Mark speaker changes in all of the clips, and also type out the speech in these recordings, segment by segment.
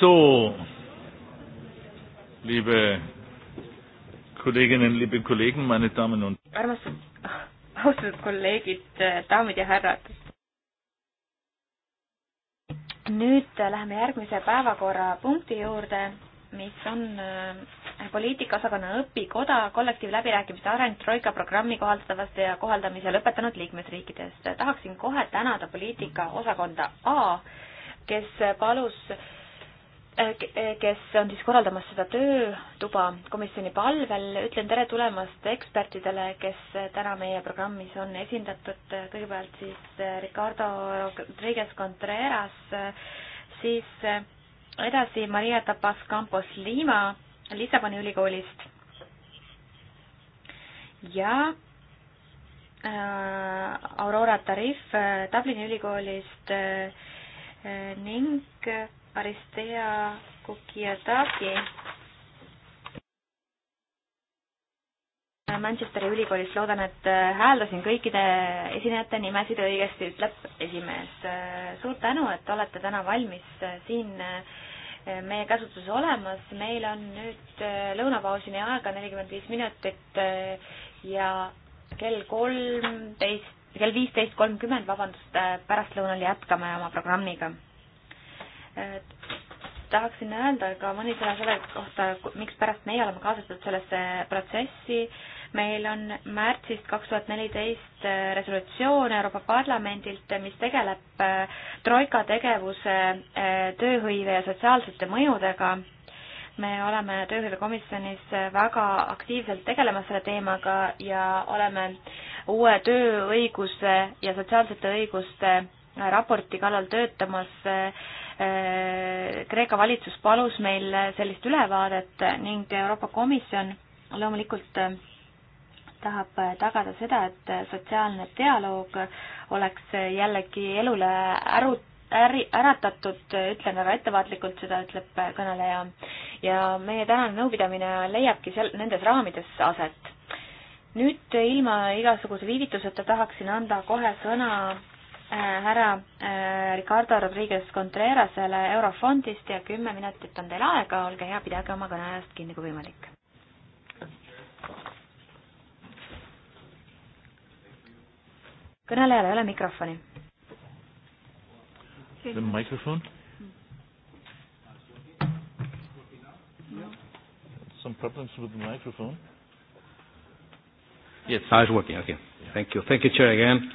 Speaker 1: So, liebe Kolleginnen, liebe Kollegen, meine Damen und
Speaker 2: Herren. austatud kolleegid, daamid ja härrad. nüüd läheme järgmise päevakorrapunkti juurde, mis on äh, poliitikaosakonna õpikoda kollektiivläbirääkimiste areng Troika programmi kohaldatavast ja kohaldamise lõpetanud liikmesriikidest. tahaksin kohe tänada poliitikaosakonda A, kes palus äh, Äh, äh, kes on siis korraldamas seda töötuba komisjoni palvel. ütlen tere tulemast ekspertidele, kes täna meie programmis on esindatud. kõigepealt siis äh, Ricardo Rodriguez Contreras, siis edasi Maria Tapas Campos Lima Lissaboni ülikoolist ja Aurora Tarif Dublini ülikoolist ning Aristea Kukiataki Manchesteri ülikoolis, loodan, et äh, hääldasin kõikide esinejate nimesid õigesti, ütleb esimees. Äh, suur tänu, et olete täna valmis äh, siin meie käsutuses olemas, meil on nüüd lõunapausini aega nelikümmend viis minutit ja kell kolmteist, kell viisteist kolmkümmend, vabandust, pärastlõunal jätkame oma programmiga tahaksin öelda ka mõni sõna selle kohta, mikspärast meie oleme kaasatud sellesse protsessi. meil on märtsist kaks tuhat neliteist äh, resolutsioon Euroopa Parlamendilt, mis tegeleb äh, troika tegevuse äh, tööhõive ja sotsiaalsete mõjudega me oleme tööhõivekomisjonis väga aktiivselt tegelemas selle teemaga ja oleme uue tööõiguse ja sotsiaalsete õiguste raporti kallal töötamas äh, Äh, Kreeka valitsus palus meil sellist ülevaadet ning Euroopa Komisjon loomulikult äh, tahab äh, tagada seda, et sotsiaalne dialoog oleks jällegi elule äru, äri, äratatud, ütlen väga ettevaatlikult, seda ütleb kõneleja. ja meie tänane nõupidamine leiabki seal, nendes raamides aset. nüüd ilma igasuguse viivituseta tahaksin anda kohe sõna Äh, härra äh, Ricardo Rodriguez Contrerasele Eurofondist ja kümme minutit on teil aega, olge hea, pidage oma kõneajast kinni, kui võimalik. kõnelejal ei ole mikrofoni.
Speaker 1: mikrofon?
Speaker 2: Some problems with the microphone? Yes, now it's working. Okay. Thank you. Thank you, Chair, again.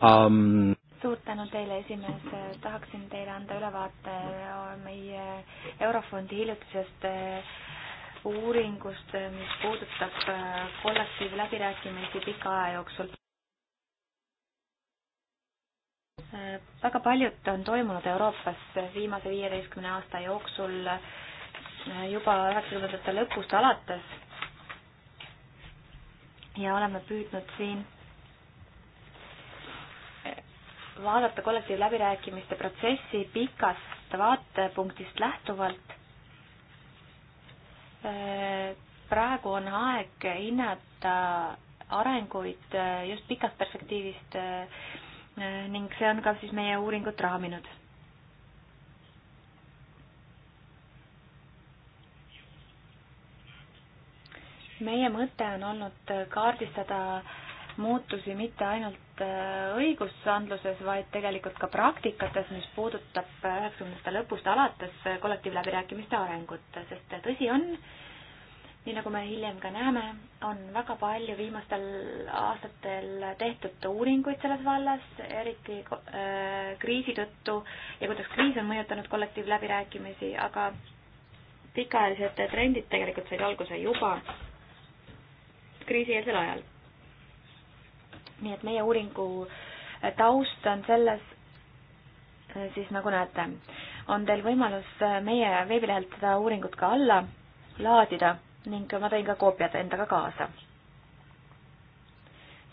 Speaker 2: Um, suur tänu teile, esimees, tahaksin teile anda ülevaate meie Eurofondi hiljutisest eh, uuringust, eh, mis puudutab eh, kollektiivläbirääkimisi pika aja jooksul. väga paljut on toimunud Euroopas viimase viieteistkümne aasta jooksul juba üheksakümnendate lõpust alates ja oleme püüdnud siin vaadata kollektiivläbirääkimiste protsessi pikast vaatepunktist lähtuvalt. praegu on aeg hinnata arenguid just pikast perspektiivist ning see on ka siis meie uuringut raaminud. meie mõte on olnud kaardistada äh, muutusi mitte ainult äh, õigusandluses, vaid tegelikult ka praktikates, mis puudutab äh, üheksakümnendate lõpust alates äh, kollektiivläbirääkimiste arengut, sest tõsi on, nii nagu me hiljem ka näeme, on väga palju viimastel aastatel tehtud uuringuid selles vallas, eriti kriisi tõttu ja kuidas kriis on mõjutanud kollektiivläbirääkimisi, aga pikaajalised trendid tegelikult said alguse juba kriisieelsel ajal nii et meie uuringu äh, taust on selles, äh, siis nagu näete, on teil võimalus äh, meie veebilehelt seda uuringut ka alla laadida ning ma tõin ka koopiad endaga kaasa.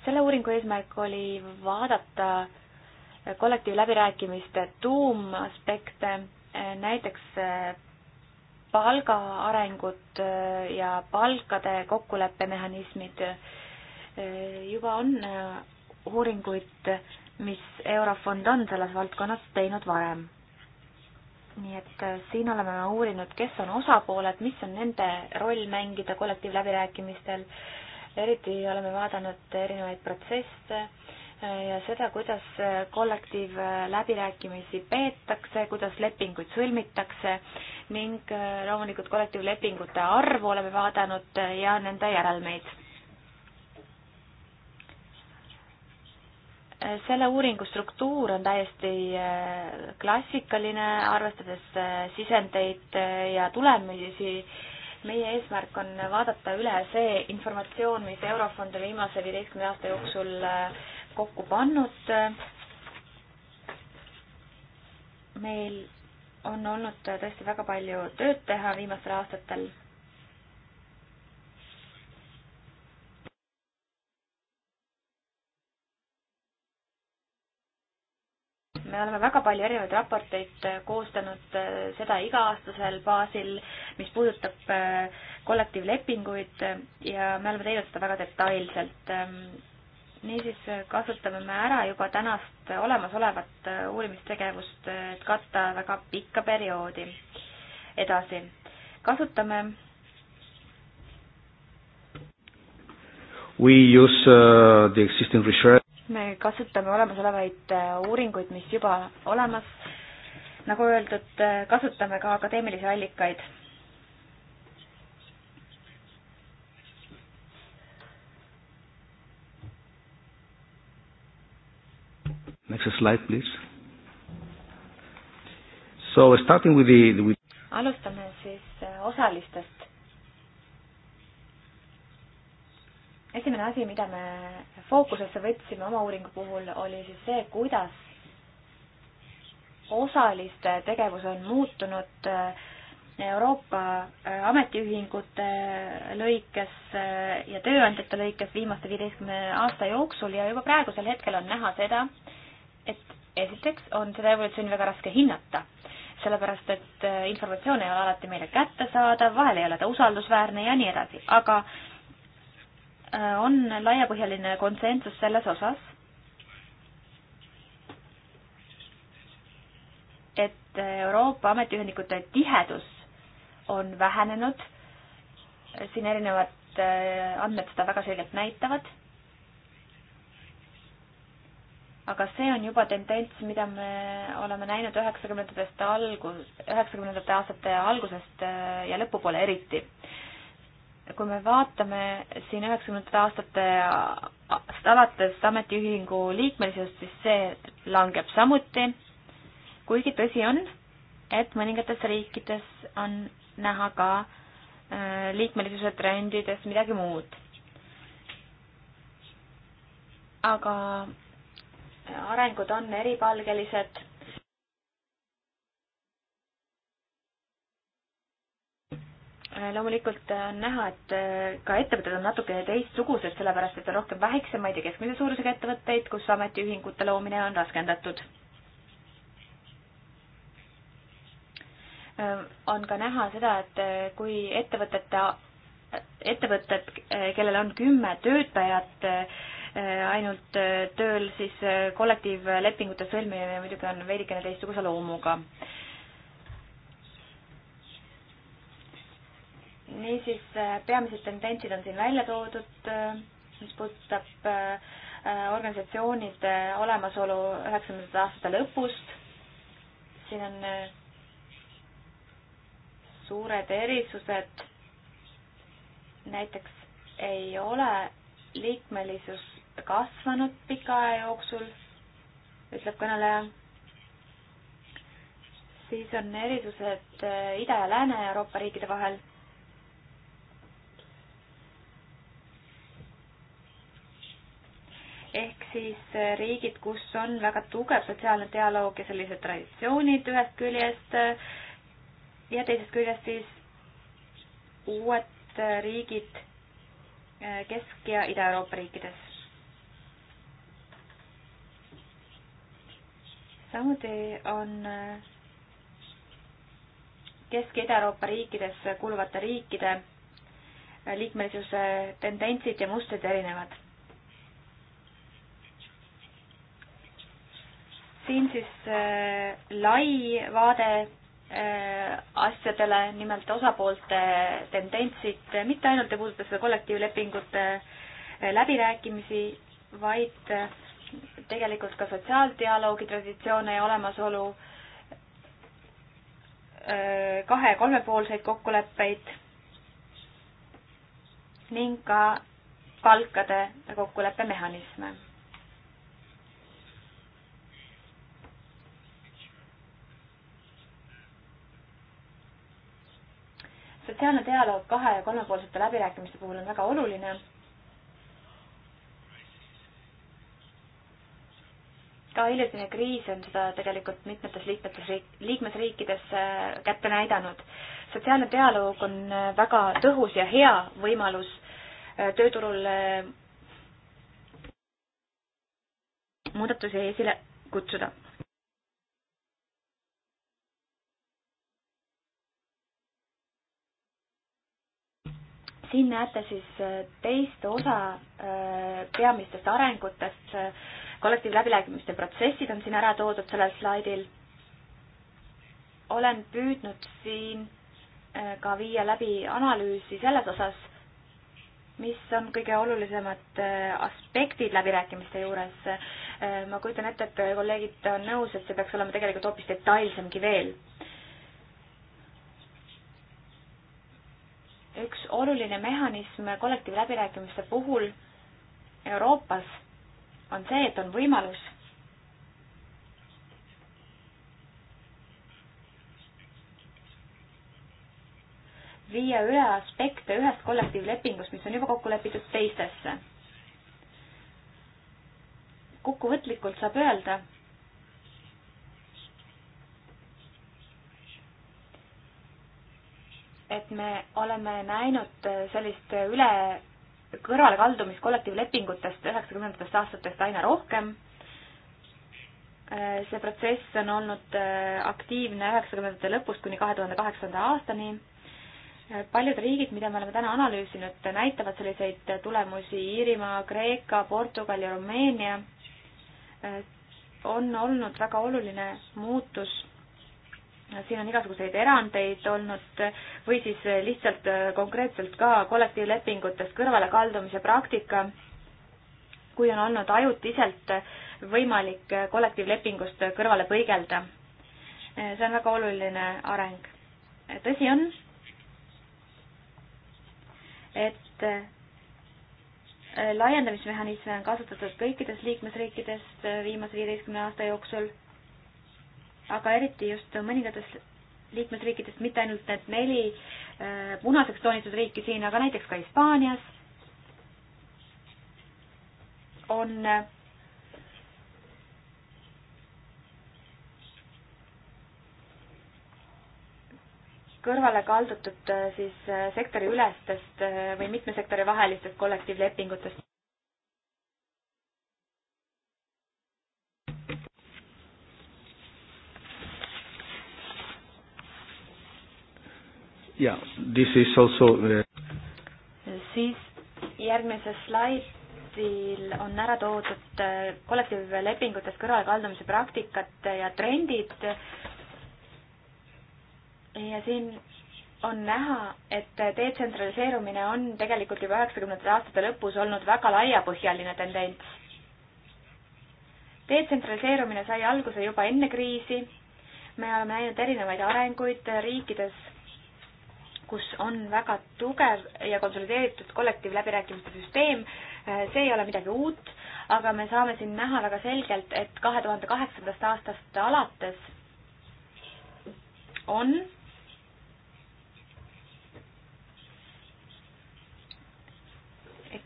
Speaker 2: selle uuringu eesmärk oli vaadata kollektiivläbirääkimiste tuumaspekte, näiteks palga arengut ja palkade kokkuleppemehhanismid juba on äh, uuringuid, mis Eurofond on selles valdkonnas teinud varem. nii et äh, siin oleme me uurinud, kes on osapooled, mis on nende roll mängida kollektiivläbirääkimistel, eriti oleme vaadanud erinevaid protsesse äh, ja seda, kuidas kollektiivläbirääkimisi peetakse, kuidas lepinguid sõlmitakse ning loomulikult kollektiivlepingute arvu oleme vaadanud ja nende järelmeid selle uuringu struktuur on täiesti äh, klassikaline, arvestades äh, sisendeid äh, ja tulemusi. meie eesmärk on vaadata üle see informatsioon, mis Eurofond on viimase viieteistkümne aasta jooksul kokku pannud. meil on olnud tõesti väga palju tööd teha viimastel aastatel me oleme väga palju erinevaid raporteid äh, koostanud, äh, seda iga-aastasel baasil, mis puudutab äh, kollektiivlepinguid ja me oleme teinud seda väga detailselt. Ähm, niisiis kasutame me ära juba tänast olemasolevat uurimistegevust, et katta väga pikka perioodi edasi. kasutame We use uh, the existing research me kasutame olemasolevaid äh, uuringuid, mis juba olemas. nagu öeldud, äh, kasutame ka akadeemilisi allikaid. Next slide, please. So starting with the with... alustame siis äh, osalistest esimene asi, mida me fookusesse võtsime oma uuringu puhul, oli siis see, kuidas osaliste tegevus on muutunud äh, Euroopa äh, ametiühingute äh, lõikes ja tööandjate lõikes viimaste viieteistkümne aasta jooksul ja juba praegusel hetkel on näha seda, et esiteks on seda evolutsiooni väga raske hinnata, sellepärast et informatsioon ei ole alati meile kättesaadav, vahel ei ole ta usaldusväärne ja nii edasi, aga Äh, on laiapõhjaline konsensus selles osas, et Euroopa ametiühendikute tihedus on vähenenud, siin erinevad äh, andmed seda väga selgelt näitavad, aga see on juba tendents, mida me oleme näinud üheksakümnendatest algus, üheksakümnendate aastate algusest äh, ja lõpupoole eriti kui me vaatame siin üheksakümnendate aastate alates ametiühingu liikmelisust, siis see langeb samuti, kuigi tõsi on, et mõningates riikides on näha ka äh, liikmelisuse trendides midagi muud. aga arengud on eripalgelised loomulikult on näha, et äh, ka ettevõtted on natuke teistsugused, sellepärast et on rohkem väiksemaid ja keskmise suurusega ettevõtteid, kus ametiühingute loomine on raskendatud. Äh, on ka näha seda, et äh, kui ettevõtete, ettevõtted, kellel on kümme töötajat ainult tööl, siis kollektiivlepingute sõlmimine muidugi on veidikene teistsuguse loomuga niisiis, äh, peamised tendentsid on siin välja toodud, äh, mis puudutab äh, organisatsioonide olemasolu üheksakümnendate aastate lõpust. siin on suured erisused. näiteks ei ole liikmelisus kasvanud pika aja jooksul, ütleb kõneleja siis on erisused Ida- ja Lääne-Euroopa riikide vahel. ehk siis äh, riigid, kus on väga tugev sotsiaalne dialoog ja sellised traditsioonid ühest küljest äh, ja teisest küljest siis uued äh, riigid Kesk- ja Ida-Euroopa riikides. samuti on Kesk- ja Ida-Euroopa riikides kuuluvate riikide liikmelisuse tendentsid ja mustrid erinevad siin siis äh, lai vaade äh, asjadele, nimelt osapoolte tendentsid, äh, mitte ainult ei puuduta seda kollektiivlepingute läbirääkimisi, vaid tegelikult ka sotsiaaldialoogi traditsioone ja olemasolu, kahe- ja kolmepoolseid kokkuleppeid ning ka palkade kokkuleppemehhanisme sotsiaalne dialoog kahe- ja kolmepoolsete läbirääkimiste puhul on väga oluline. ka hiljutine kriis on seda tegelikult mitmetes liikmetes, liikmesriikides äh, kätte näidanud. sotsiaalne dialoog on äh, väga tõhus ja hea võimalus äh, tööturul muudatusi esile kutsuda siin näete siis äh, teist osa äh, peamistest arengutest. kollektiivläbirääkimiste protsessid on siin ära toodud sellel slaidil. olen püüdnud siin äh, ka viia läbi analüüsi selles osas, mis on kõige olulisemad aspektid läbirääkimiste juures. ma kujutan ette, et kolleegid on nõus, et see peaks olema tegelikult hoopis detailsemgi veel üks oluline mehhanism kollektiivläbirääkimiste puhul Euroopas on see, et on võimalus viia üle aspekte ühest kollektiivlepingust, mis on juba kokku lepitud, teistesse. kokkuvõtlikult saab öelda, et me oleme näinud äh, sellist äh, üle kõrvalekaldumist kollektiivlepingutest üheksakümnendatest aastatest aina rohkem. Äh, see protsess on olnud aktiivne üheksakümnendate lõpust kuni kahe tuhande kaheksanda aastani. paljud riigid, mida me oleme täna analüüsinud, näitavad selliseid tulemusi Iirimaa, Kreeka, Portugal ja Rumeenia. on olnud väga oluline muutus siin on igasuguseid erandeid olnud või siis lihtsalt konkreetselt ka kollektiivlepingutest kõrvalekaldumise praktika, kui on olnud ajutiselt võimalik kollektiivlepingust kõrvale põigelda. see on väga oluline areng. tõsi on, et laiendamismehhanisme on kasutatud kõikides liikmesriikides viimase viieteistkümne aasta jooksul aga eriti just mõningates liikmesriikidest, mitte ainult need neli äh, punaseks toonitud riiki siin, aga näiteks ka Hispaanias on äh, kõrvale kaldutud äh, siis sektoriülestest või mitme sektori vahelistest kollektiivlepingutest. yeah, this is also uh... siis järgmises slaidil on ära toodud äh, kollektiivlepingutest kõrvalekaldumise praktikad ja trendid. ja siin on näha, et detsentraliseerumine on tegelikult juba üheksakümnendate aastate lõpus olnud väga laiapõhjaline tendents. detsentraliseerumine sai alguse juba enne kriisi. me oleme näinud erinevaid arenguid riikides kus on väga tugev ja konsolideeritud kollektiivläbirääkimiste süsteem. Äh, see ei ole midagi uut, aga me saame siin näha väga selgelt, et kahe tuhande kaheksandast aastast alates on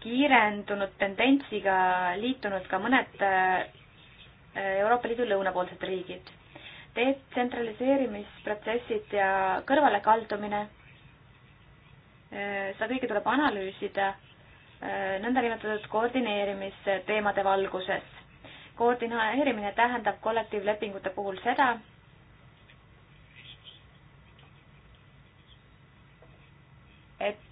Speaker 2: kiirendunud tendentsiga liitunud ka mõned äh, Euroopa Liidu lõunapoolsed riigid detsentraliseerimisprotsessid ja kõrvalekaldumine seda kõike tuleb analüüsida äh, nõndanimetatud koordineerimisteemade valguses. koordineerimine tähendab kollektiivlepingute puhul seda, et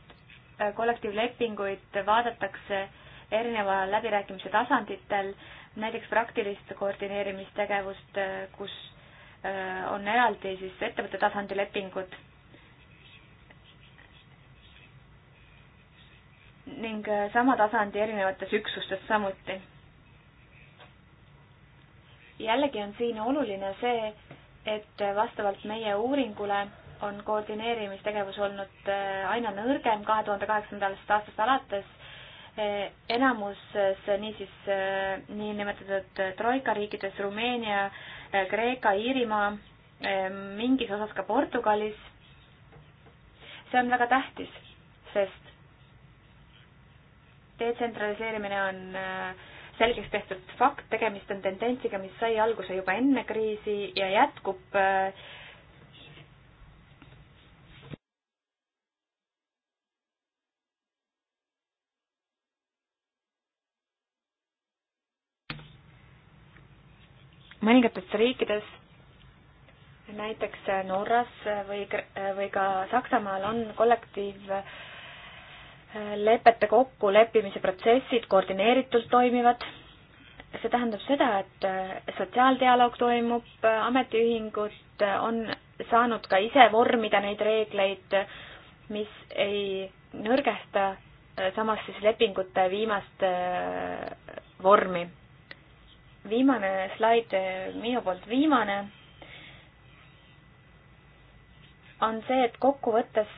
Speaker 2: äh, kollektiivlepinguid vaadatakse erineval läbirääkimise tasanditel, näiteks praktilist koordineerimistegevust, äh, kus on eraldi siis ettevõtte tasandi lepingud ning äh, sama tasandi erinevates üksustes samuti. jällegi on siin oluline see, et vastavalt meie uuringule on koordineerimistegevus olnud äh, aina nõrgem kahe tuhande kaheksandast aastast alates. Äh, enamuses niisiis niinimetatud troika riikides Rumeenia, Kreeka, Iirimaa, mingis osas ka Portugalis. see on väga tähtis, sest detsentraliseerimine on äh, selgeks tehtud fakt, tegemist on tendentsiga, mis sai alguse juba enne kriisi ja jätkub
Speaker 1: äh, mõningates riikides,
Speaker 2: näiteks Norras või, või ka Saksamaal on kollektiiv äh, lepete kokkuleppimise protsessid koordineeritult toimivad. see tähendab seda, et äh, sotsiaaldialoog toimub, äh, ametiühingud äh, on saanud ka ise vormida neid reegleid, mis ei nõrgesta samas siis lepingute viimast vormi. viimane slaid, minu poolt viimane, on see, et kokkuvõttes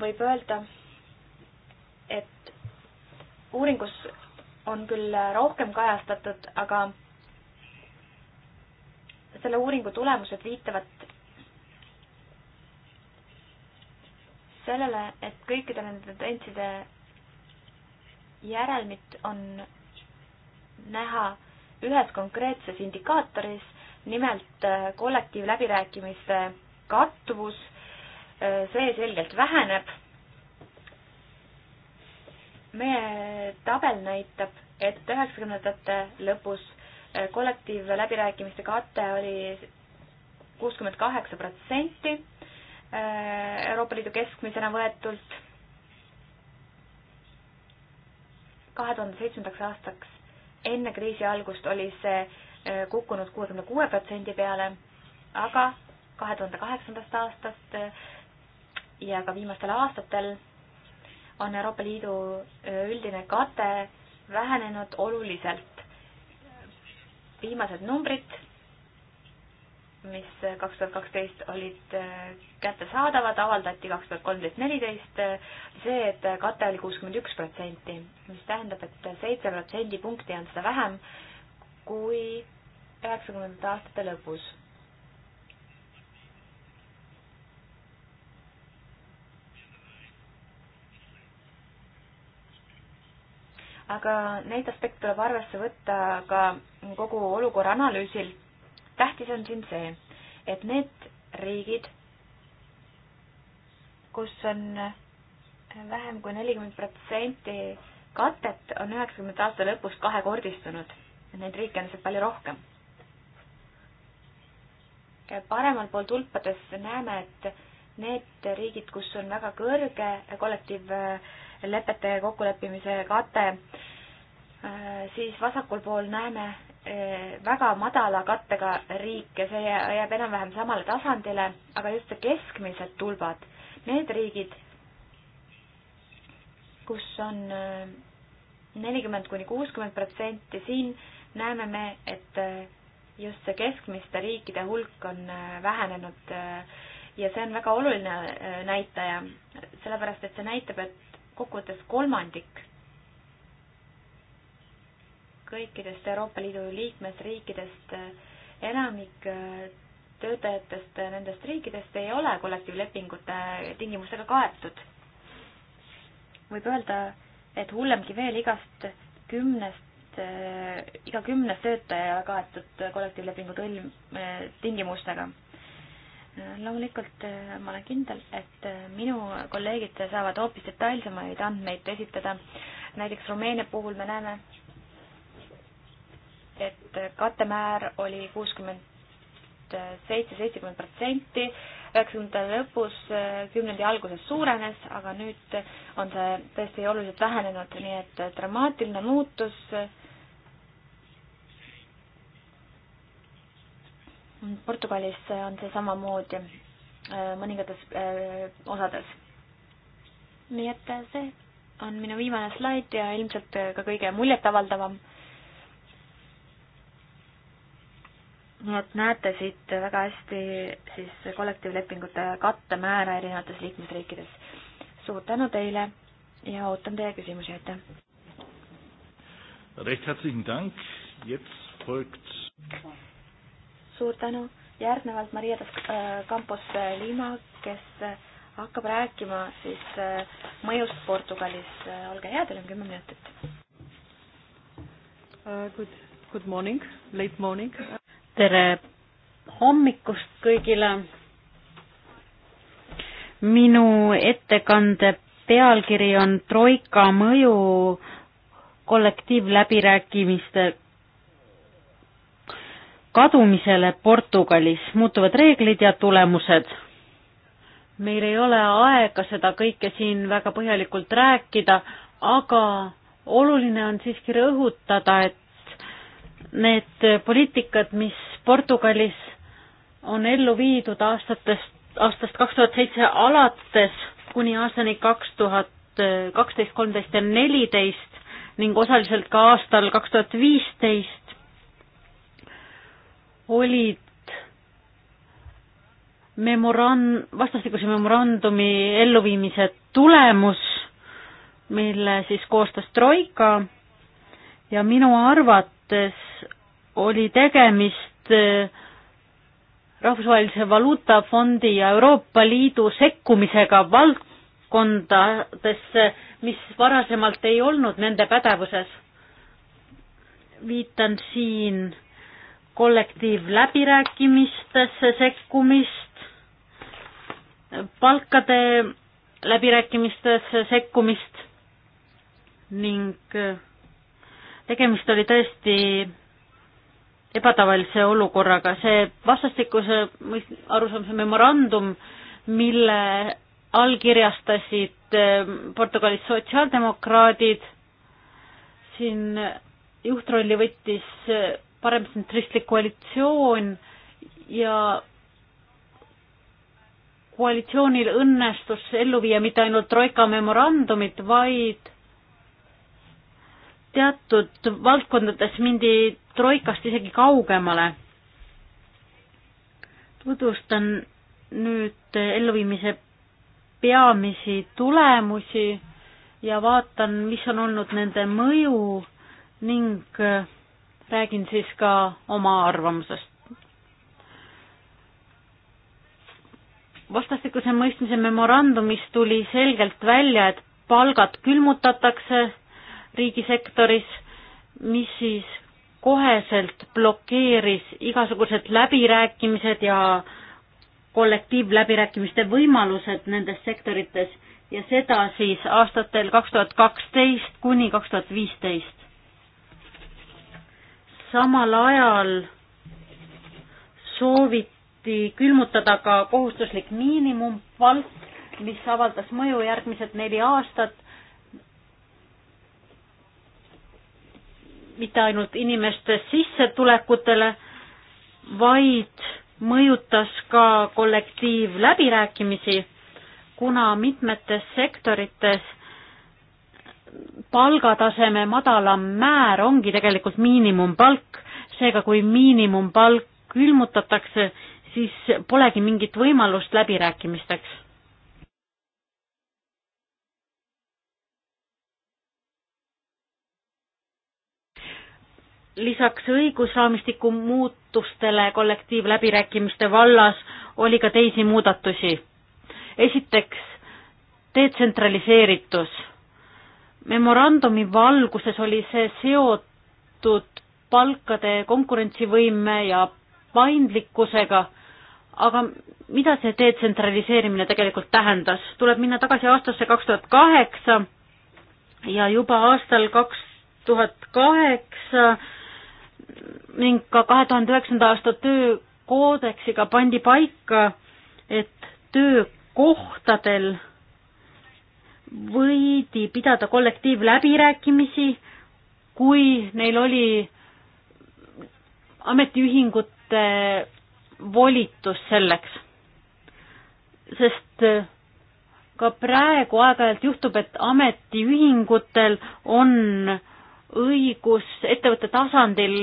Speaker 2: võib öelda, uuringus on küll rohkem kajastatud, aga selle uuringu tulemused viitavad sellele, et kõikide nende tendentside järelmid on näha ühes konkreetses indikaatoris, nimelt äh, kollektiivläbirääkimise kattuvus, äh, see selgelt väheneb meie tabel näitab, et üheksakümnendate lõpus eh, kollektiivläbirääkimiste kate oli kuuskümmend kaheksa protsenti eh, Euroopa Liidu keskmisena võetult. kahe tuhande seitsmendaks aastaks enne kriisi algust oli see eh, kukkunud kuuekümne kuue protsendi peale, aga kahe tuhande kaheksandast aastast ja ka viimastel aastatel on Euroopa Liidu üldine kate vähenenud oluliselt. viimased numbrid, mis kaks tuhat kaksteist olid kättesaadavad, avaldati kaks tuhat kolmteist, neliteist, see, et kate oli kuuskümmend üks protsenti, mis tähendab et, et seitse protsendipunkti on seda vähem kui üheksakümnendate aastate lõpus aga neid aspekte tuleb arvesse võtta ka kogu olukorra analüüsil. tähtis on siin see, et need riigid, kus on vähem kui nelikümmend protsenti katet, on üheksakümnendate aasta lõpus kahekordistunud. Neid riike on lihtsalt palju rohkem. paremal pool tulpades näeme, et need riigid, kus on väga kõrge kollektiiv äh, lepete kokkuleppimise kate, äh, siis vasakul pool näeme äh, väga madala kattega riike, see jääb enam-vähem samale tasandile, aga just keskmised tulbad, need riigid, kus on äh, nelikümmend kuni kuuskümmend protsenti, siin näeme me, et just see keskmiste riikide hulk on vähenenud ja see on väga oluline näitaja, sellepärast et see näitab, et kokkuvõttes kolmandik kõikidest Euroopa Liidu liikmesriikidest enamik äh, töötajatest äh, nendest riikidest ei ole kollektiivlepingute tingimustega kaetud. võib öelda, et hullemgi veel, igast kümnest, äh, iga kümnes töötaja ei ole kaetud kollektiivlepingu tõlm-, tingimustega loomulikult äh, ma olen kindel, et äh, minu kolleegid saavad hoopis detailsemaid andmeid esitada. näiteks Rumeenia puhul me näeme, et kattemäär oli kuuskümmend seitse, seitsekümmend protsenti, üheksakümnendate lõpus, äh, kümnendi alguses suurenes, aga nüüd on see tõesti oluliselt vähenenud, nii et dramaatiline muutus äh, Portugalis on see samamoodi äh, mõningates äh, osades. nii et äh, see on minu viimane slaid ja ilmselt ka kõige muljetavaldavam. nii et näete siit väga hästi siis kollektiivlepingute kattemäära erinevates liikmesriikides. suur tänu teile ja ootan teie küsimusi, aitäh!
Speaker 1: Recht herzlichen Dank, jetzt folgt
Speaker 2: suur tänu. järgnevalt Maria äh, Campos äh, Lima, kes äh, hakkab rääkima siis mõjust Portugalis. olge hea, teil on kümme minutit uh,.
Speaker 3: Good, good morning, late morning. tere hommikust kõigile. minu ettekande pealkiri on Troika mõju kollektiivläbirääkimiste kadumisele Portugalis, muutuvad reeglid ja tulemused. meil ei ole aega seda kõike siin väga põhjalikult rääkida, aga oluline on siiski rõhutada, et need poliitikad, mis Portugalis on ellu viidud aastatest, aastast kaks tuhat seitse alates kuni aastani kaks tuhat kaksteist, kolmteist ja neliteist ning osaliselt ka aastal kaks tuhat viisteist olid memoran-, vastastikuse memorandumi elluviimise tulemus, mille siis koostas Troika ja minu arvates oli tegemist eh, Rahvusvahelise Valuutafondi ja Euroopa Liidu sekkumisega valdkondadesse, mis varasemalt ei olnud nende pädevuses. viitan siin kollektiivläbirääkimistesse sekkumist, palkade läbirääkimistesse sekkumist ning äh, tegemist oli tõesti ebatavalise olukorraga, see vastastikuse arusaamise memorandum, mille allkirjastasid äh, Portugalis sotsiaaldemokraadid, siin juhtrolli võttis äh, paremtsentristlik koalitsioon ja koalitsioonil õnnestus ellu viia mitte ainult Troika memorandumit, vaid teatud valdkondades mindi Troikast isegi kaugemale. tutvustan nüüd elluviimise peamisi tulemusi ja vaatan, mis on olnud nende mõju ning räägin siis ka oma arvamusest. vastastikuse mõistmise memorandumis tuli selgelt välja, et palgad külmutatakse riigisektoris, mis siis koheselt blokeeris igasugused läbirääkimised ja kollektiivläbirääkimiste võimalused nendes sektorites ja seda siis aastatel kaks tuhat kaksteist kuni kaks tuhat viisteist samal ajal sooviti külmutada ka kohustuslik miinimumpalk, mis avaldas mõju järgmised neli aastat. mitte ainult inimeste sissetulekutele, vaid mõjutas ka kollektiivläbirääkimisi, kuna mitmetes sektorites palgataseme madalam määr ongi tegelikult miinimumpalk, seega kui miinimumpalk külmutatakse, siis polegi mingit võimalust läbirääkimisteks. lisaks õigusraamistiku muutustele kollektiivläbirääkimiste vallas oli ka teisi muudatusi. esiteks detsentraliseeritus memorandumi valguses oli see seotud palkade konkurentsivõime ja paindlikkusega, aga mida see detsentraliseerimine tegelikult tähendas? tuleb minna tagasi aastasse kaks tuhat kaheksa ja juba aastal kaks tuhat kaheksa ning ka kahe tuhande üheksanda aasta töökoodeksiga pandi paika, et töökohtadel võidi pidada kollektiivläbirääkimisi, kui neil oli ametiühingute volitus selleks. sest ka praegu aeg-ajalt juhtub, et ametiühingutel on õigus ettevõtte tasandil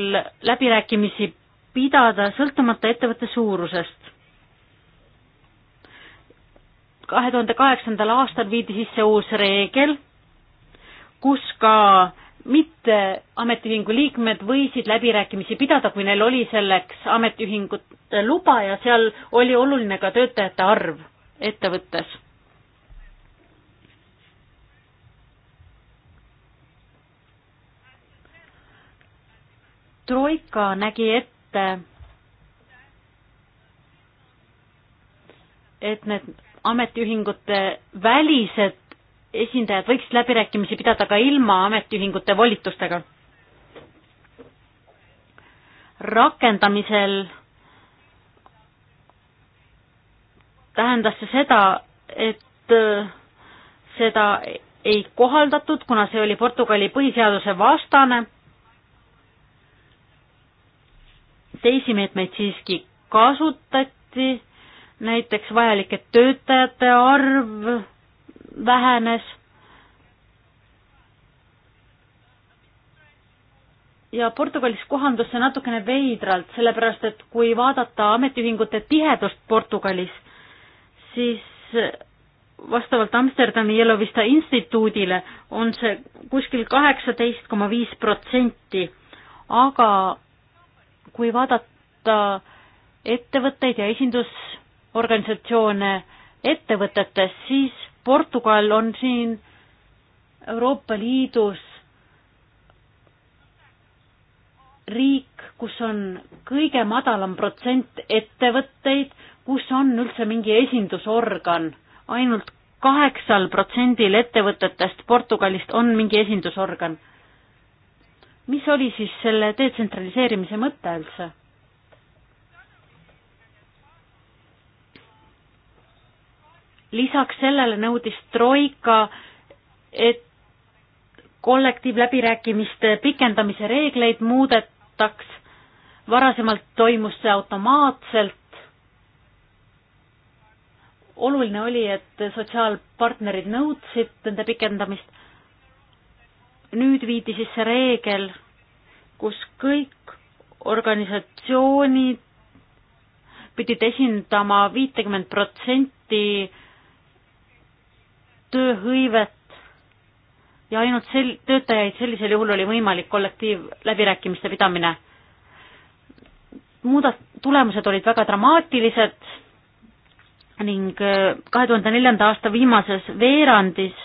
Speaker 3: läbirääkimisi pidada, sõltumata ettevõtte suurusest kahe tuhande kaheksandal aastal viidi sisse uus reegel, kus ka mitte ametiühingu liikmed võisid läbirääkimisi pidada, kui neil oli selleks ametiühingute luba ja seal oli oluline ka töötajate arv ettevõttes. troika nägi ette, et need ametiühingute välised esindajad võiksid läbirääkimisi pidada ka ilma ametiühingute volitustega. rakendamisel tähendas see seda, et äh, seda ei kohaldatud, kuna see oli Portugali põhiseaduse vastane. teisi meetmeid siiski kasutati näiteks vajalike töötajate arv vähenes ja Portugalis kohandus see natukene veidralt, sellepärast et kui vaadata ametiühingute tihedust Portugalis, siis vastavalt Amsterdami Yellow Vista instituudile on see kuskil kaheksateist koma viis protsenti, aga kui vaadata ettevõtteid ja esindus organisatsioone ettevõtetes, siis Portugal on siin Euroopa Liidus riik, kus on kõige madalam protsent ettevõtteid, kus on üldse mingi esindusorgan ainult, ainult kaheksal protsendil ettevõtetest Portugalist on mingi esindusorgan. mis oli siis selle detsentraliseerimise mõte üldse? lisaks sellele nõudis Troika, et kollektiivläbirääkimiste pikendamise reegleid muudetaks, varasemalt toimus see automaatselt, oluline oli, et sotsiaalpartnerid nõudsid nende pikendamist. nüüd viidi sisse reegel, kus kõik organisatsioonid pidid esindama viitekümmet protsenti tööhõivet ja ainult sel-, töötajaid sellisel juhul oli võimalik kollektiivläbirääkimiste pidamine. muudat-, tulemused olid väga dramaatilised ning äh, kahe tuhande neljanda aasta viimases veerandis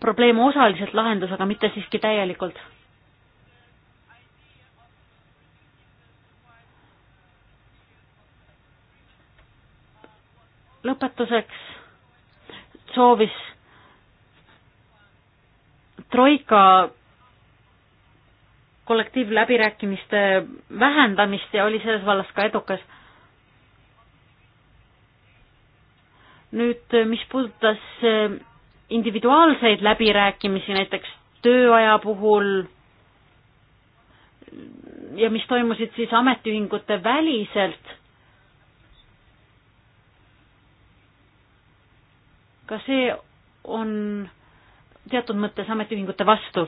Speaker 3: probleem osaliselt lahendus, aga mitte siiski täielikult lõpetuseks soovis troika kollektiivläbirääkimiste vähendamist ja oli selles vallas ka edukas. nüüd, mis puudutas eh, individuaalseid läbirääkimisi näiteks tööaja puhul ja mis toimusid siis ametiühingute väliselt ka see on teatud mõttes ametiühingute vastu.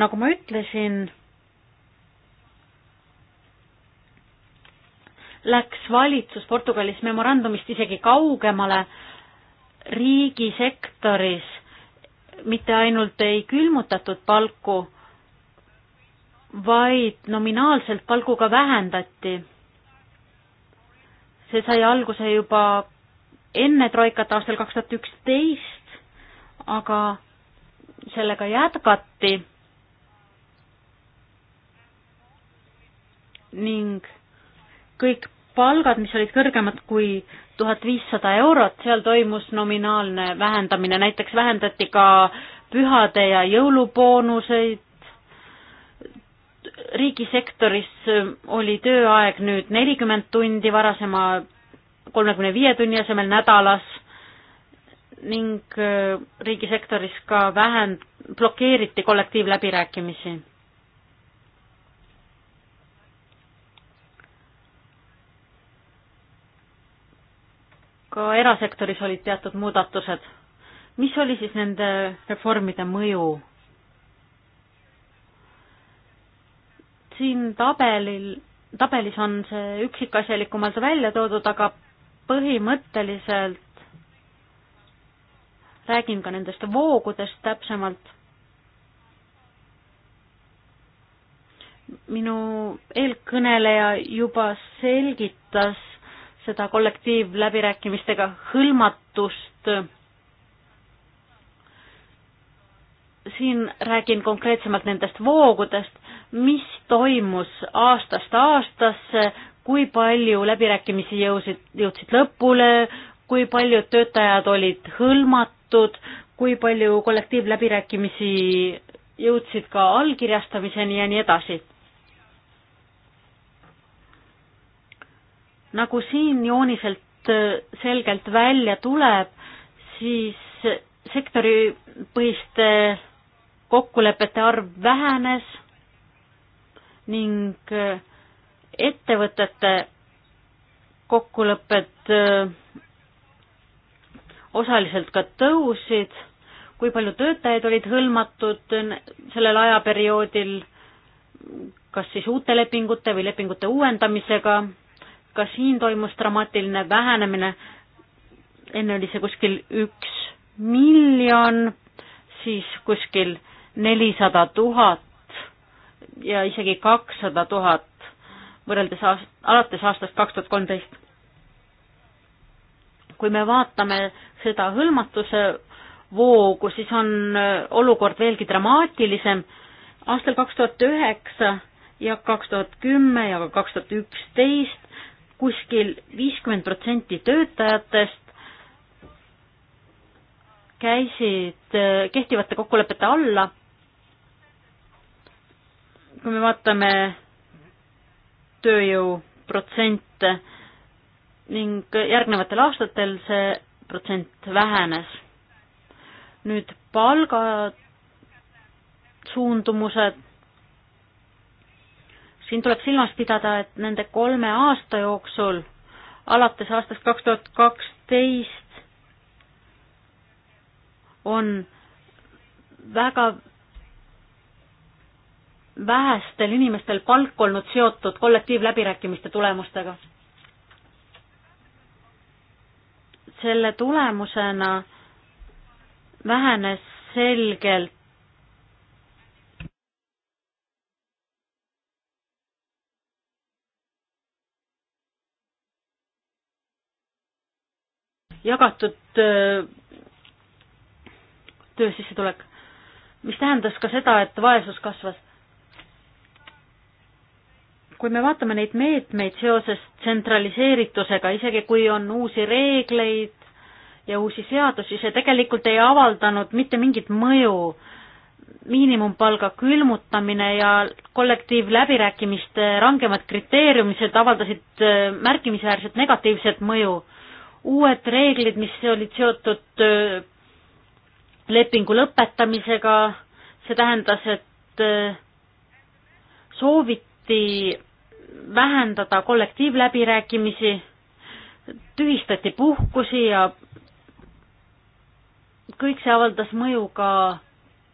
Speaker 3: nagu ma ütlesin, läks valitsus Portugalis memorandumist isegi kaugemale riigisektoris, mitte ainult ei külmutatud palku vaid nominaalselt palku ka vähendati. see sai alguse juba enne troikat aastal kaks tuhat üksteist, aga sellega jätkati ning kõik palgad, mis olid kõrgemad kui tuhat viissada eurot, seal toimus nominaalne vähendamine, näiteks vähendati ka pühade ja jõuluboonuseid, riigisektoris äh, oli tööaeg nüüd nelikümmend tundi varasema kolmekümne viie tunni asemel nädalas ning äh, riigisektoris ka vähend-, blokeeriti kollektiivläbirääkimisi ka erasektoris olid teatud muudatused. mis oli siis nende reformide mõju? siin tabelil, tabelis on see üksikasjalikumalt välja toodud, aga põhimõtteliselt räägin ka nendest voogudest täpsemalt. minu eelkõneleja juba selgitas seda kollektiivläbirääkimistega hõlmatust siin räägin konkreetsemalt nendest voogudest mis toimus aastast aastasse, kui palju läbirääkimisi jõusid, jõudsid lõpule, kui paljud töötajad olid hõlmatud, kui palju kollektiivläbirääkimisi jõudsid ka allkirjastamiseni ja nii edasi. nagu siin jooniselt äh, selgelt välja tuleb, siis sektoripõhiste kokkulepete arv vähenes ning äh, ettevõtete kokkulepped äh, osaliselt ka tõusid, kui palju töötajaid olid hõlmatud sellel ajaperioodil, kas siis uute lepingute või lepingute uuendamisega, ka siin toimus dramaatiline vähenemine, enne oli see kuskil üks miljon, siis kuskil nelisada tuhat ja isegi kakssada tuhat võrreldes aast-, alates aastast kaks tuhat kolmteist. kui me vaatame seda hõlmatuse voogu, siis on äh, olukord veelgi dramaatilisem. aastal kaks tuhat üheksa ja kaks tuhat kümme ja ka kaks tuhat üksteist kuskil viiskümmend protsenti töötajatest käisid äh, kehtivate kokkulepete alla kui me vaatame tööjõuprotsente ning järgnevatel aastatel see protsent vähenes. nüüd palgasuundumused, siin tuleb silmas pidada, et nende kolme aasta jooksul, alates aastast kaks tuhat kaksteist, on väga vähestel inimestel palk olnud seotud kollektiivläbirääkimiste tulemustega. selle tulemusena vähenes selgelt jagatud äh, töö sissetulek, mis tähendas ka seda, et vaesus kasvas kui me vaatame neid meetmeid seoses tsentraliseeritusega, isegi kui on uusi reegleid ja uusi seadusi, see tegelikult ei avaldanud mitte mingit mõju. miinimumpalga külmutamine ja kollektiivläbirääkimiste rangemad kriteeriumised avaldasid äh, märkimisväärselt negatiivset mõju. uued reeglid, mis olid seotud äh, lepingu lõpetamisega, see tähendas, et äh, sooviti vähendada kollektiivläbirääkimisi, tühistati puhkusi ja kõik see avaldas mõju ka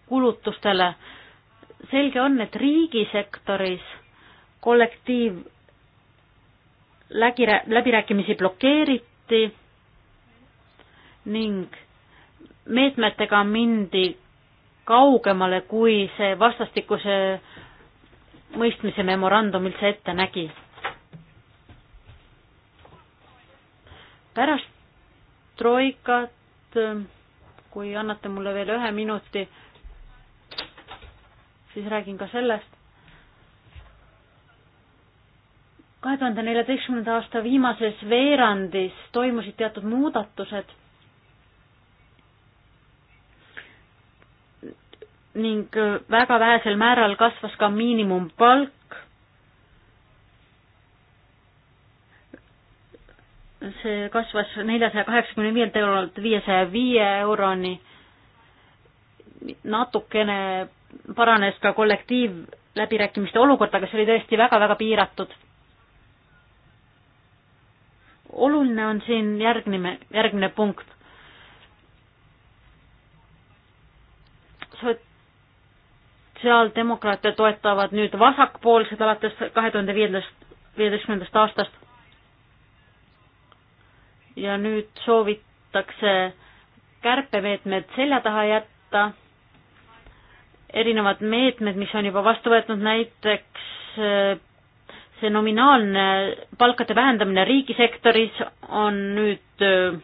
Speaker 3: kulutustele. selge on, et riigisektoris kollektiiv läbi, läbirääkimisi blokeeriti ning meetmetega mindi kaugemale kui see vastastikuse mõistmise memorandum üldse ette nägi. pärast troikat, kui annate mulle veel ühe minuti, siis räägin ka sellest. kahe tuhande neljateistkümnenda aasta viimases veerandis toimusid teatud muudatused ning äh, väga vähesel määral kasvas ka miinimumpalk. see kasvas neljasaja kaheksakümne viielt eurolt viiesaja viie euroni. natukene paranes ka kollektiivläbirääkimiste olukord, aga see oli tõesti väga-väga piiratud. oluline on siin järgmine, järgmine punkt sotsiaaldemokraate toetavad nüüd vasakpoolsed alates kahe tuhande viiendast, viieteistkümnendast aastast. ja nüüd soovitakse kärpemeetmed selja taha jätta, erinevad meetmed, mis on juba vastu võetud, näiteks eh, see nominaalne palkade vähendamine riigisektoris on nüüd eh,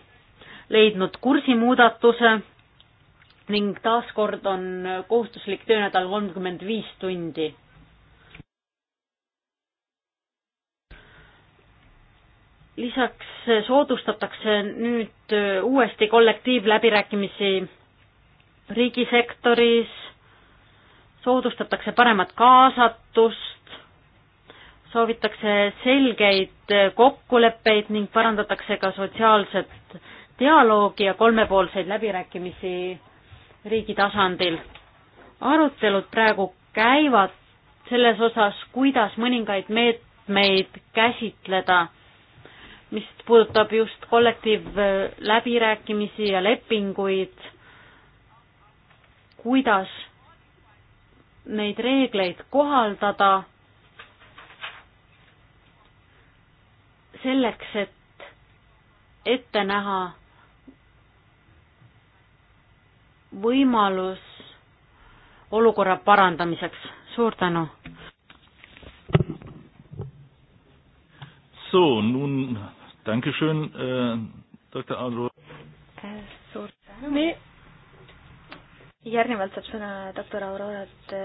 Speaker 3: leidnud kursimuudatuse ning taaskord on kohustuslik töönädal kolmkümmend viis tundi. lisaks soodustatakse nüüd uuesti kollektiivläbirääkimisi riigisektoris, soodustatakse paremat kaasatust, soovitakse selgeid kokkuleppeid ning parandatakse ka sotsiaalset dialoogi ja kolmepoolseid läbirääkimisi riigi tasandil. arutelud praegu käivad selles osas, kuidas mõningaid meetmeid käsitleda, mis puudutab just kollektiivläbirääkimisi ja lepinguid, kuidas neid reegleid kohaldada selleks, et ette näha võimalus olukorra parandamiseks, suur tänu!
Speaker 1: So, nun, Dankeschön, äh, Dr. Adro.
Speaker 3: Äh, suur tänu nee..
Speaker 2: järgnevalt saab sõna doktor Aurora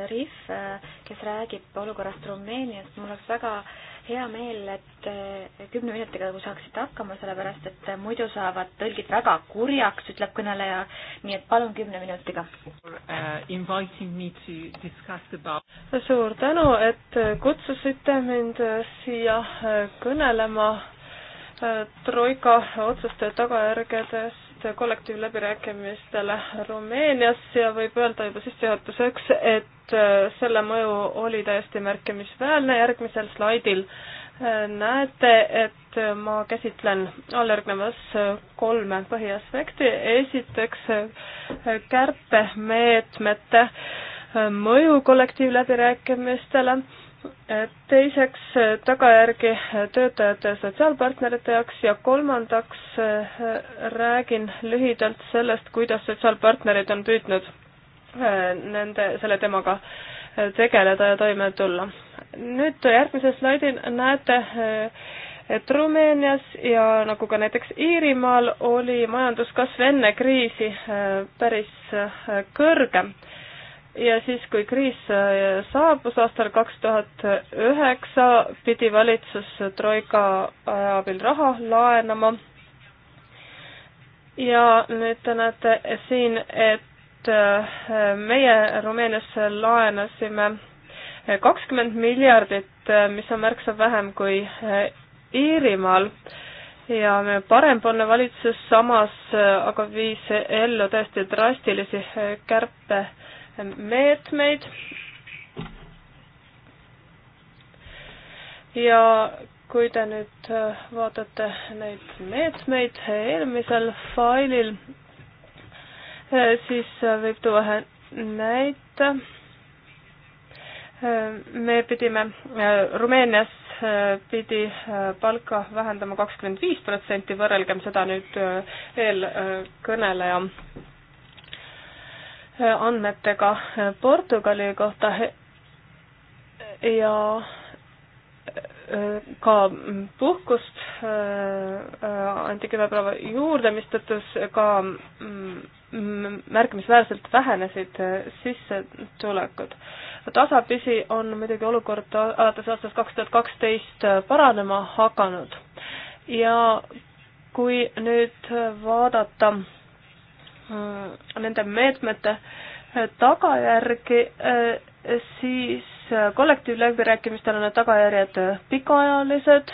Speaker 2: Riff, äh, kes räägib olukorrast Rumeenias. mul oleks väga äh, hea meel, et eh, kümne minutiga nagu saaksite hakkama, sellepärast et eh, muidu saavad tõlgid väga kurjaks, ütleb kõneleja, nii et palun kümne
Speaker 1: minutiga. Eh, suur tänu, et kutsusite mind siia kõnelema troika otsuste tagajärgedes kollektiivläbirääkimistele Rumeenias ja võib öelda juba sissejuhatuseks, et äh, selle mõju oli täiesti märkimisväärne, järgmisel slaidil äh, näete, et äh, ma käsitlen alljärgnevas kolme põhiaspekti, esiteks kärpemeetmete mõju kollektiivläbirääkimistele teiseks tagajärgi töötajate ja sotsiaalpartnerite jaoks ja kolmandaks räägin lühidalt sellest, kuidas sotsiaalpartnerid on püüdnud äh, nende, selle teemaga tegeleda ja toime tulla. nüüd järgmisel slaidil näete, äh, et Rumeenias ja nagu ka näiteks Iirimaal oli majanduskasv enne kriisi äh, päris kõrge ja siis, kui kriis äh, saabus aastal kaks tuhat üheksa, pidi valitsus Troika abil raha laenama. ja nüüd te näete siin, et äh, meie Rumeenias laenasime kakskümmend miljardit, äh, mis on märksa vähem kui Iirimaal ja meie parempoolne valitsus samas aga viis ellu täiesti drastilisi kärpe meetmeid. ja kui te nüüd äh, vaatate neid meetmeid äh, eelmisel failil, äh, siis võib tuua ühe näite. me pidime, Rumeenias pidi palka vähendama kakskümmend viis protsenti, võrrelgem seda nüüd eelkõneleja andmetega Portugali kohta ja äh, ka puhkust äh, anti kümme päeva juurde, mistõttu ka mm, märkimisväärselt vähenesid äh, sissetulekud. tasapisi on muidugi olukord alates aastast kaks tuhat kaksteist paranema hakanud ja kui nüüd vaadata Äh, nende meetmete äh, tagajärgi, äh, siis kollektiivläbirääkimistel on need tagajärjed pikaajalised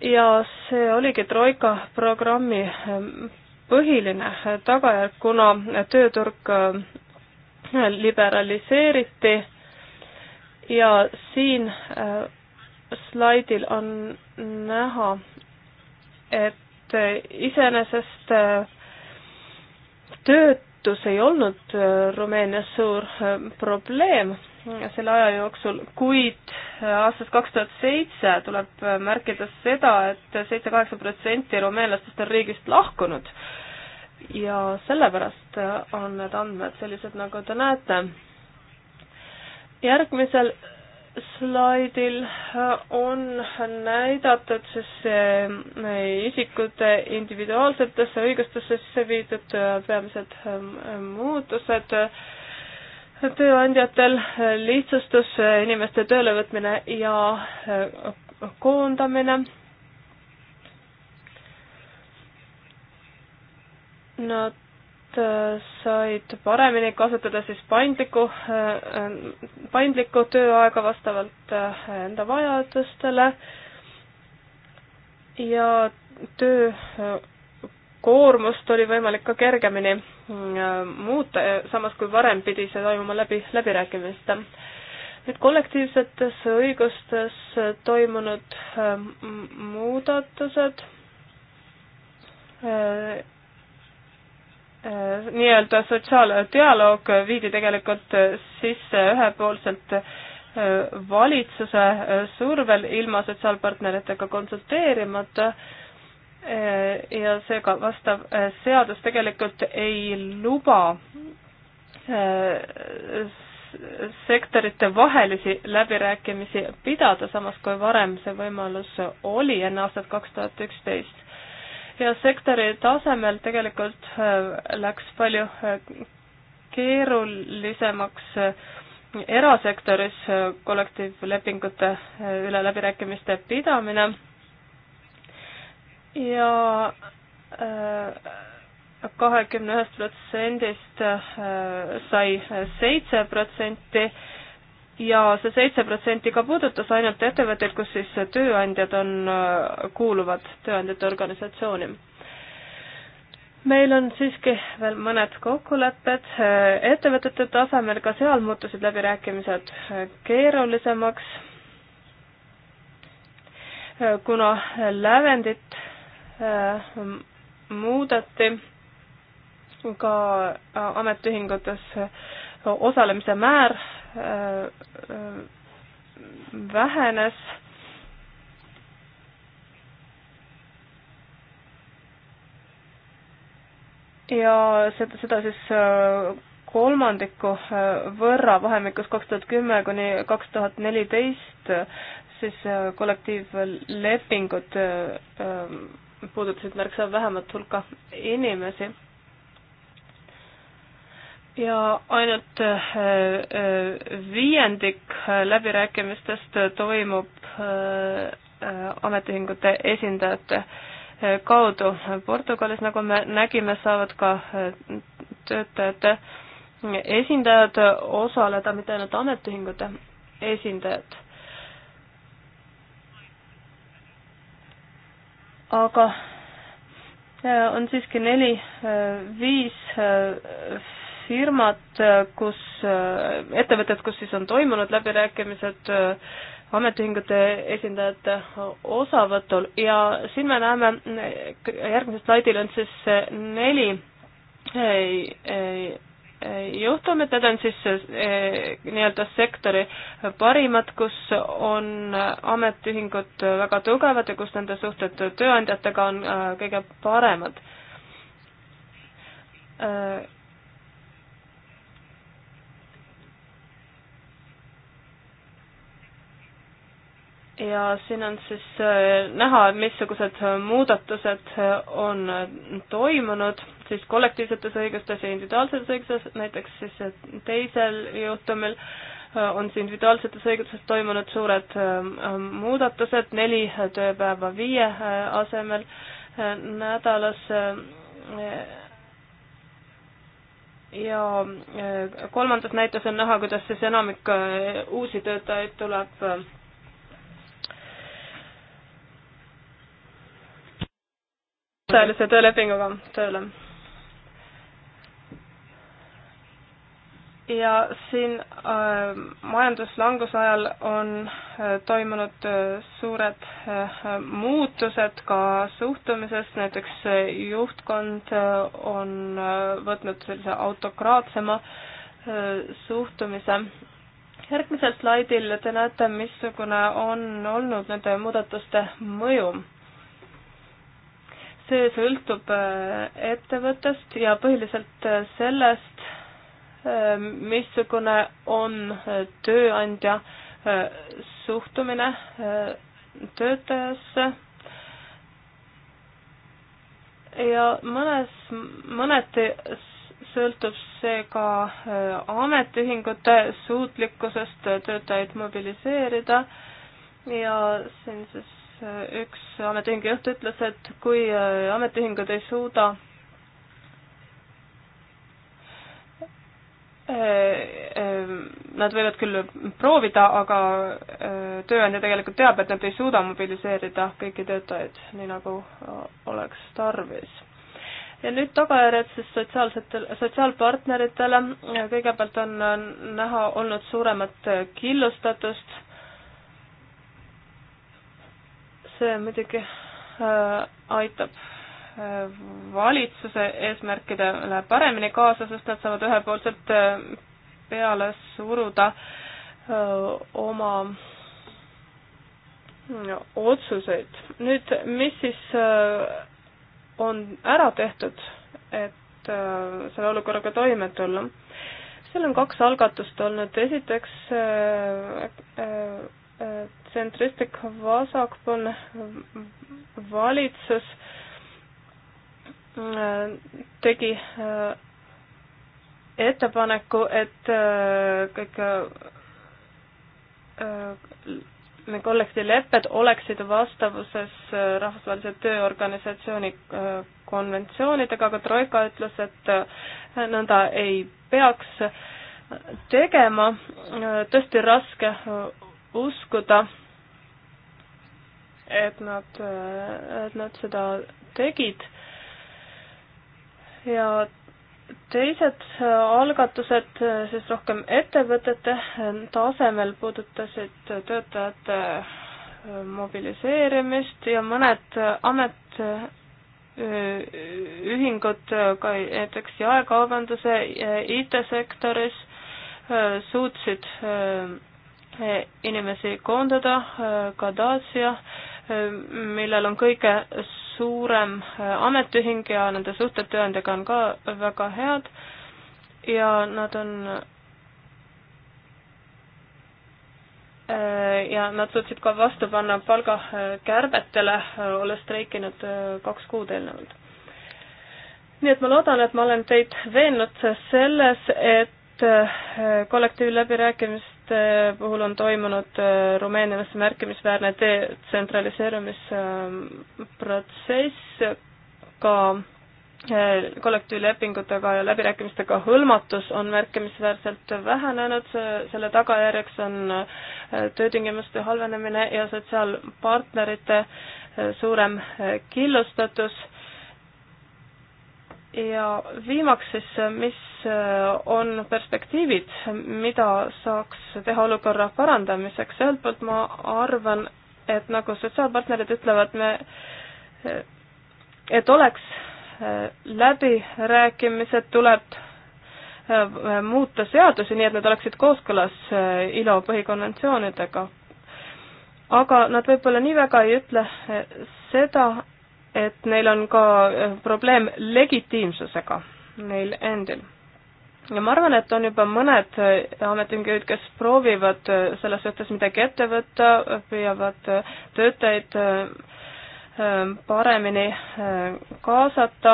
Speaker 1: ja see oligi Troika programmi põhiline tagajärg, kuna tööturg liberaliseeriti ja siin slaidil on näha, et et eh, iseenesest eh, töötus ei olnud eh, Rumeenias suur probleem selle aja jooksul, kuid aastast kaks tuhat seitse tuleb märkida seda et, et seitse-kaheksa protsenti rumeenlastest on riigist lahkunud. ja sellepärast on need andmed sellised, nagu te näete. järgmisel slaidil äh, on näidatud siis äh, isikute individuaalsetesse õigustesse sisse viidud äh, peamised ähm, muutused tööandjatel, lihtsustus, inimeste töölevõtmine ja koondamine nad Äh, said paremini kasutada siis paindlikku, äh, äh, paindlikku tööaega vastavalt enda vajadustele ja töökoormust oli võimalik ka kergemini muuta, samas kui varem pidi see toimuma läbi, läbirääkimiste. nüüd kollektiivsetes õigustes toimunud muudatused Äh, nii-öelda sotsiaaldialoog viidi tegelikult äh, sisse ühepoolselt äh, valitsuse survel ilma sotsiaalpartneritega konsulteerimata ja seega vastav seadus tegelikult ei luba sektorite vahelisi läbirääkimisi pidada, samas kui varem see võimalus oli enne aastat kaks tuhat üksteist ja sektori tasemel tegelikult äh, läks palju äh, keerulisemaks äh, erasektoris kollektiivlepingute üle läbirääkimiste pidamine ja kahekümne ühest protsendist sai seitse protsenti ja see seitse protsenti ka puudutas ainult ettevõtteid, kus siis tööandjad on, äh, kuuluvad tööandjate organisatsiooni. meil on siiski veel mõned kokkulepped äh, ettevõtete tasemel, ka seal muutusid läbirääkimised äh, keerulisemaks, kuna lävendit muudeti ka ametiühingutes osalemise määr Äh, äh, vähenes ja seda, seda siis äh, kolmandiku võrra vahemikus kaks tuhat kümme kuni kaks tuhat neliteist siis kollektiivlepingud puudutasid märksa vähemat hulka inimesi ja ainult äh, äh, viiendik äh, läbirääkimistest toimub ametiühingute esindajate kaudu. Portugalis, nagu me nägime, saavad ka töötajate esindajad osaleda, mitte ainult ametiühingute esindajad. aga on siiski neli-viis firmad, äh, kus, äh, ettevõtted, kus siis on toimunud läbirääkimised äh, ametiühingute esindajate osavõtul ja siin me näeme, järgmisel slaidil on siis neli ei, ei, juhtumid, need on siis nii-öelda sektori parimad, kus on ametiühingud väga tugevad ja kus nende suhted tööandjatega on kõige paremad ja siin on siis äh, näha, missugused äh, muudatused äh, on toimunud siis kollektiivsetes õigustes ja individuaalsetes õigustes, näiteks siis teisel juhtumil on siis individuaalsetes õigustes toimunud suured muudatused, neli tööpäeva viie asemel nädalas ja kolmandas näites on näha, kuidas siis enamik uusi töötajaid tuleb sõjalise töölepinguga tööle. ja siin äh, majanduslanguse ajal on äh, toimunud äh, suured äh, muutused ka suhtumises, näiteks äh, juhtkond äh, on äh, võtnud sellise autokraatsema äh, suhtumise järgmisel slaidil te näete, missugune on olnud nende muudatuste mõju see sõltub äh, ettevõttest ja põhiliselt äh, sellest, äh, missugune on tööandja suhtumine töötajasse ja mõnes, mõneti sõltub see ka ametiühingute suutlikkusest töötajaid mobiliseerida ja siin siis üks ametiühingu juht ütles, et kui äh, ametiühingud ei suuda äh, äh, Nad võivad küll proovida, aga tööandja tegelikult teab, et nad ei suuda mobiliseerida kõiki töötajaid, nii nagu oleks tarvis ja nüüd tagajärjed siis sotsiaalsetel, sotsiaalpartneritele, kõigepealt on näha olnud suuremat killustatust see muidugi äh, aitab äh, valitsuse eesmärkidele paremini kaasa, sest nad saavad ühepoolselt äh, peale suruda oma otsuseid. nüüd, mis siis on ära tehtud, et selle olukorraga toime tulla? seal on kaks algatust olnud, esiteks tsentristlik vasakpoolne valitsus äh, tegi äh, ettepaneku, et äh, kõik kollektiivlepped oleksid vastavuses Rahvusvahelise Tööorganisatsiooni konventsioonidega, aga Troika ütles, et nõnda ei peaks tegema. tõesti raske uskuda, et nad, et nad seda tegid. ja teised algatused siis rohkem ettevõtete tasemel puudutasid töötajate mobiliseerimist ja mõned ametiühingud ka näiteks jaekaubanduse IT-sektoris suutsid inimesi koondada, Kadaasia, äh, äh, millel on kõige suurem äh, ametiühing ja nende suhted tööandjaga on ka väga head ja nad on ja nad suutsid ka vastu panna palgakärbetele, olles streikinud kaks kuud eelnevalt. nii et ma loodan, et ma olen teid veennud selles, et kollektiivläbirääkimis, valimiste puhul on toimunud äh, Rumeenias märkimisväärne detsentraliseerumisprotsess, ka äh, kollektiivlepingutega ja läbirääkimistega hõlmatus on märkimisväärselt vähenenud, selle tagajärjeks on äh, töötingimuste halvenemine ja sotsiaalpartnerite suurem killustatus ja viimaks siis, mis äh, on perspektiivid, mida saaks teha olukorra parandamiseks, ühelt poolt ma arvan, et nagu sotsiaalpartnerid ütlevad, me, et oleks äh, läbirääkimised, tuleb äh, muuta seadusi nii, et nad oleksid kooskõlas ILO põhikonventsioonidega. aga nad võib-olla nii väga ei ütle seda, et neil on ka eh, probleem legitiimsusega neil endil. ja ma arvan, et on juba mõned eh, ametiühingud, kes proovivad eh, selles suhtes midagi ette võtta, püüavad töötajaid paremini kaasata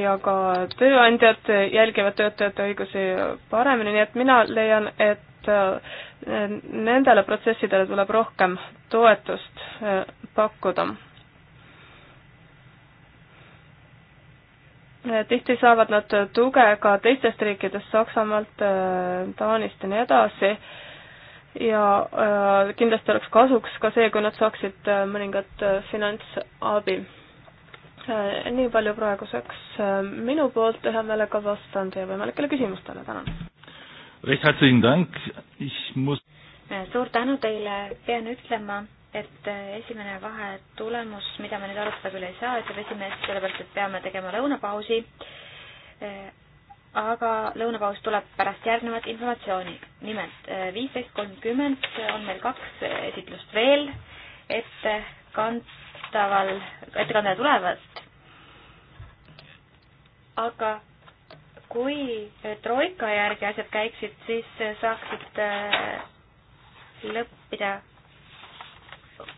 Speaker 1: ja ka tööandjad jälgivad töötajate õigusi paremini, nii et mina leian, et nendele protsessidele tuleb rohkem toetust äh, pakkuda. Äh, tihti saavad nad tuge ka teistest riikidest, Saksamaalt, äh, Taanist ja nii edasi, ja kindlasti oleks kasuks ka see, kui nad saaksid mõningat finantsabi nii palju praeguseks minu poolt, hea meelega vastan teie võimalikele küsimustele, tänan. Recht herzlichen Dank. Ich muss suur tänu teile, pean ütlema, et
Speaker 2: esimene vahetulemus, mida me nüüd arutada küll ei saa, ütleb esimees, sellepärast et peame tegema lõunapausi. aga lõunapaus tuleb pärast järgnevat informatsiooni. nimelt viisteist kolmkümmend on meil kaks esitlust veel ettekantaval, ettekandele tulevad. aga kui troika järgi asjad käiksid, siis saaksid äh, lõppida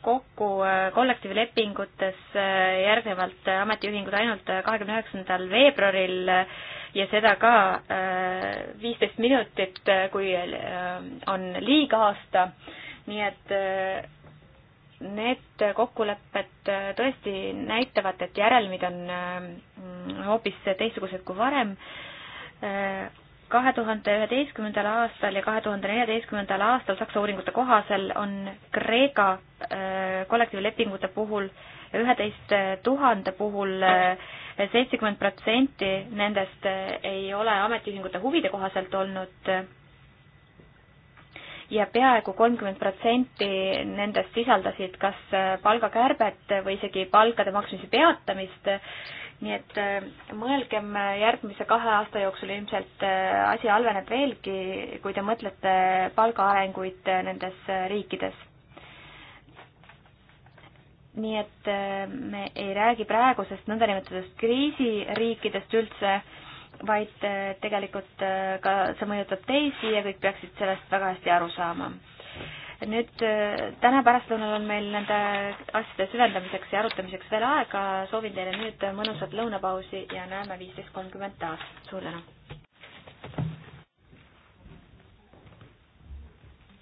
Speaker 2: kokku äh, kollektiivlepingutes äh, järgnevalt ametiühingud ainult kahekümne üheksandal veebruaril ja seda ka viisteist minutit, kui on liigaasta, nii et need kokkulepped tõesti näitavad, et järelmid on hoopis teistsugused kui varem kahe tuhande üheteistkümnendal aastal ja kahe tuhande neljateistkümnendal aastal Saksa uuringute kohasel on Kreeka äh, kollektiivlepingute puhul üheteist tuhande puhul äh, seitsekümmend protsenti nendest äh, ei ole ametiühingute huvide kohaselt olnud ja peaaegu kolmkümmend protsenti nendest sisaldasid kas palgakärbet või isegi palkade maksmise peatamist nii et äh, mõelgem äh, järgmise kahe aasta jooksul ilmselt äh, asi halveneb veelgi, kui te mõtlete palgaarenguid nendes riikides. nii et me ei räägi praegusest nõndanimetatud kriisiriikidest üldse, vaid tegelikult ka see mõjutab teisi ja kõik peaksid sellest väga hästi aru saama nüüd äh, täna pärastlõunal on meil nende asjade süvendamiseks ja arutamiseks veel aega, soovin teile nüüd mõnusat lõunapausi ja
Speaker 3: näeme viisteist kolmkümmend taas, suur tänu!